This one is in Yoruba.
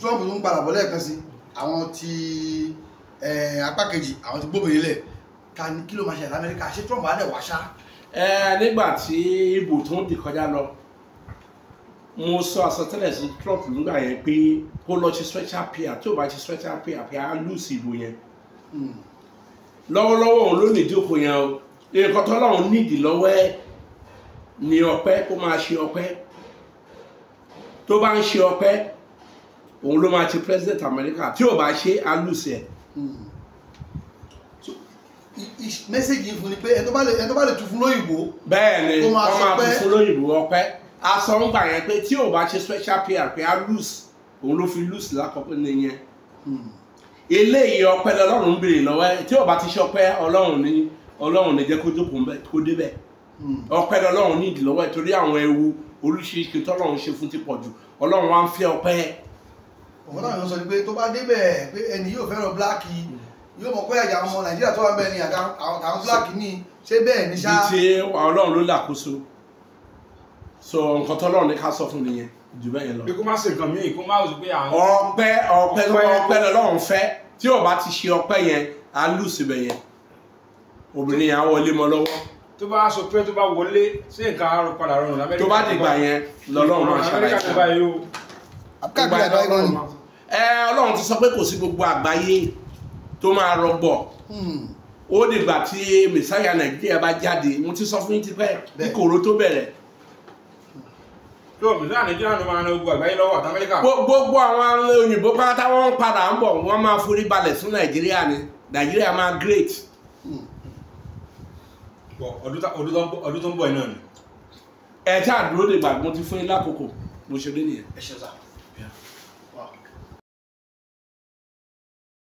trump tó ń padà bọ̀ lẹ́ẹ̀kan sí àwọn ti apá kejì àwọn ti gbóbìnrin lẹ̀ ta ni kí ló máa ṣe àlá amẹ́ríkà ṣé trump á lẹ̀ wá ṣá. ẹ nígbà tí ibò tó ń dì kọjá lọ mo sọ àsọtẹ́lẹ̀ sí trump nígbà yẹn pé kó lọ ṣe stretcher prayer tí ò bá ṣe stretcher prayer pé á lùsì ìbò yẹn hmm. lọ́wọ́lọ́wọ́ òun ló nìdí òkò yẹn o nǹkan tó lọ́run nídìí lọ́wọ́ ẹ̀ ní ọpẹ́ kó máa ṣe ọpẹ́ tó bá ń ṣe ọpẹ́ òun ló máa ṣe president America tí ò bá ṣe alùsẹ̀. mẹ́sẹ̀gì hmm. yìí fún ni pé ẹni tó bá lè tu fún lóyìnbó. bẹ́ẹ̀ni wọ́n máa tu fún lóyìnbó ọpẹ́ asọ̀ngbà yẹn pé tí ò bá ṣe special prayer pé alùsẹ̀ òun ló fi lùsẹ̀ lákọ̀ọ́pẹ́ nìyẹn hmm. eléyìí ọpẹ́ lọ́lọ́run ń béèrè lọ́wọ́ ẹ tí ó bá ti ṣe ọpẹ́ Ọlọ́run ní Ọlọ́run ní jẹ́ kó jókòó ńbẹ̀ kó débẹ̀ hmm. ọpẹ́ lọ́lọ́run ní ìdílọ́wọ́ ẹ torí àwọn ewu oríṣiríṣi tọ́lọ́run ṣe fún ti pọ̀ jù Ọlọ́run wá ń fẹ́ ọpẹ́ òun náà yóò sọ pé tó bá débẹ̀ pé ẹni yóò fẹ́ràn bíláàkì yóò mọ̀ pé ẹ̀yà ọmọ nàìjíríà tó wà bẹ́ẹ̀ ni àwọn bíláàkì ní ṣé bẹ́ẹ̀ ní ṣá. ibi tí ọlọ́run ló làkóso so nǹkan tọ́lọ́run ní ká sọ fún mi yẹn jù bẹ́ẹ̀ yẹn lọ. kó má ṣe nǹkan míì kó má wùsùn pé à ń. ọpẹ́ ọpẹ́ ọpẹ́ lọ́lọ́run fẹ́ tí ò bá ti ṣe ọpẹ́ yẹn á lù síbẹ̀ yẹn obìnrin yẹn á wọlé mọ́ lọ́wọ́ tó bá sọ pé tó bá wọlé sí nǹkan àrùn padà rọrùn lamẹ́ríkà tó bá dìgbà yẹn lọ́lọ́run máa ṣàlàyé káàkiri àgbáyé gan ni. ẹ ọlọ́run ti sọ pé kò sí gbogbo àgbáyé tó máa rọgbọ hmm. ó dìgbà tí mẹsáyà nàìjíríà bá jáde mo ti sọ fún yín tipẹ́ bí kòró tó bẹ̀rẹ̀ gbogbo àwọn òyìnbó pátá wọn padà ń bọ̀ wọ́n máa forí balẹ̀ fún nàìjíríà ni nàìjíríà máa great. Hmm. ọdún tó ń bọ̀ iná ni. ẹ ṣáà dúró dìgbà mo ti fún yín lákòókò mo ṣe dé nìyẹn. ẹ ṣe sá. Yeah.